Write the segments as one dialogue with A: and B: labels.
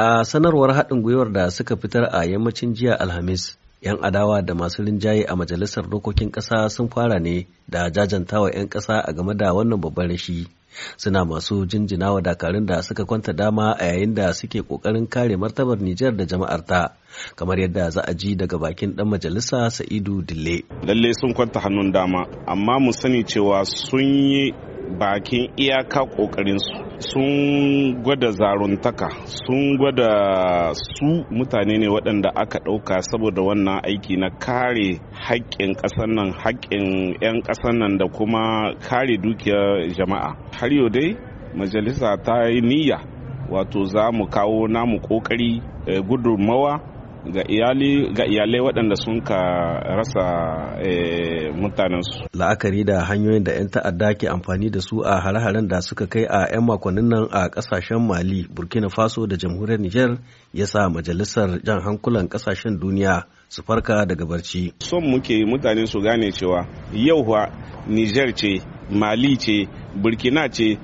A: A sanarwar haɗin gwiwar da suka fitar a yammacin jiya Alhamis, 'yan adawa da masu rinjaye a majalisar dokokin ƙasa sun fara ne da jajantawa 'yan ƙasa a game da wannan babban rashi. Suna masu jinjina wa dakarun da suka kwanta dama a yayin da suke ƙoƙarin kare martabar Nijar da jama'arta, kamar yadda za a ji daga bakin ɗan majalisa Sa'idu Dille.
B: Lalle sun kwanta hannun dama, amma mu sani cewa sun yi bakin iyaka ƙoƙarinsu. sun gwada zaruntaka sun gwada su mutane ne waɗanda aka ɗauka saboda wannan aiki na kare haƙƙin ƙasar nan haƙƙin 'yan ƙasar nan da kuma kare dukiyar jama'a har yau dai majalisa ta yi niyya wato za mu kawo namu ƙoƙari eh, gudunmawa ga iyali ga iyalai waɗanda sun ka
A: rasa eh, mutanensu. La'akari da hanyoyin da 'yan ta'adda ke amfani da su a hare-haren da suka kai a 'yan makonnin nan a ƙasashen Mali, Burkina Faso da jamhuriyar Nijar ya sa majalisar jan hankulan ƙasashen duniya su farka daga barci.
B: Son muke mutane su gane cewa yau wa Nijar ce, Mali ce, Burkina ce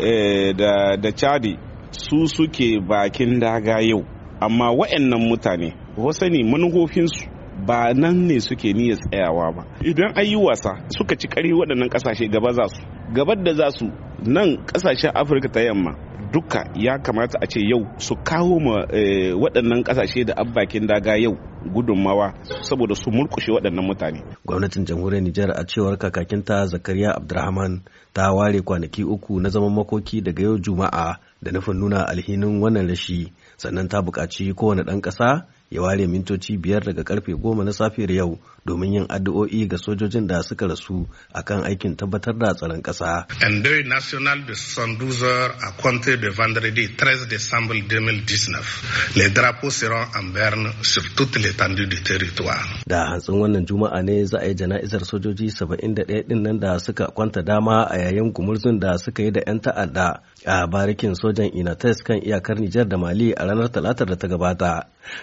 B: eh, da Chadi su suke bakin daga yau. amma wa'annan mutane wasu manufofinsu ba nan ne suke niyya tsayawa ba idan an yi wasa suka ci kari waɗannan ƙasashe gaba za su gabar da za su nan ƙasashen afirka ta yamma duka ya kamata a ce yau su kawo ma eh, waɗannan ƙasashe da abbakin daga yau gudunmawa saboda su mulkushe waɗannan mutane.
A: Gwamnatin jamhuriyar Nijar a cewar kakakinta Zakariya Abdurrahman ta ware kwanaki uku na zaman makoki daga yau Juma'a da nufin nuna alhinin wannan rashi sannan ta buƙaci kowane ɗan ƙasa ya ware mintoci biyar daga karfe goma na safiyar yau domin yin addu'o'i ga sojojin da suka rasu a kan aikin tabbatar da tsaron ƙasa.
C: Andere national de 112 a Conte de vendredi 13 décembre 2019. Les drapeaux seront en berne sur toute l'étendue du territoire.
A: Da hantsin wannan juma'a ne za a yi jana'izar sojoji 71 din nan da suka kwanta dama a yayin gumurzun da suka yi da 'yan ta'adda a barikin sojan Inates kan iyakar Nijar da Mali a ranar talatar da ta gabata.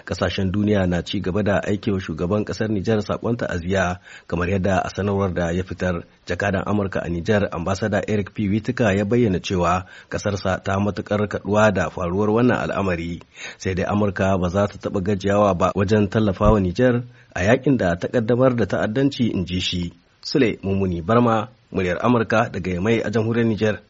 A: Kasashen kasashen duniya na ci gaba da aiki wa shugaban kasar Nijar sakon ta'aziyya kamar yadda a sanarwar da ya fitar jakadan Amurka a Nijar ambasada Eric P. Witika ya bayyana cewa kasarsa ta matukar kaduwa da faruwar wannan al'amari sai dai Amurka ba za ta taba gajiyawa ba wajen tallafawa Nijar a yakin da ta kaddamar da ta'addanci in ji shi. Sule Mumuni Barma, muryar Amurka daga mai a jamhuriyar Nijar.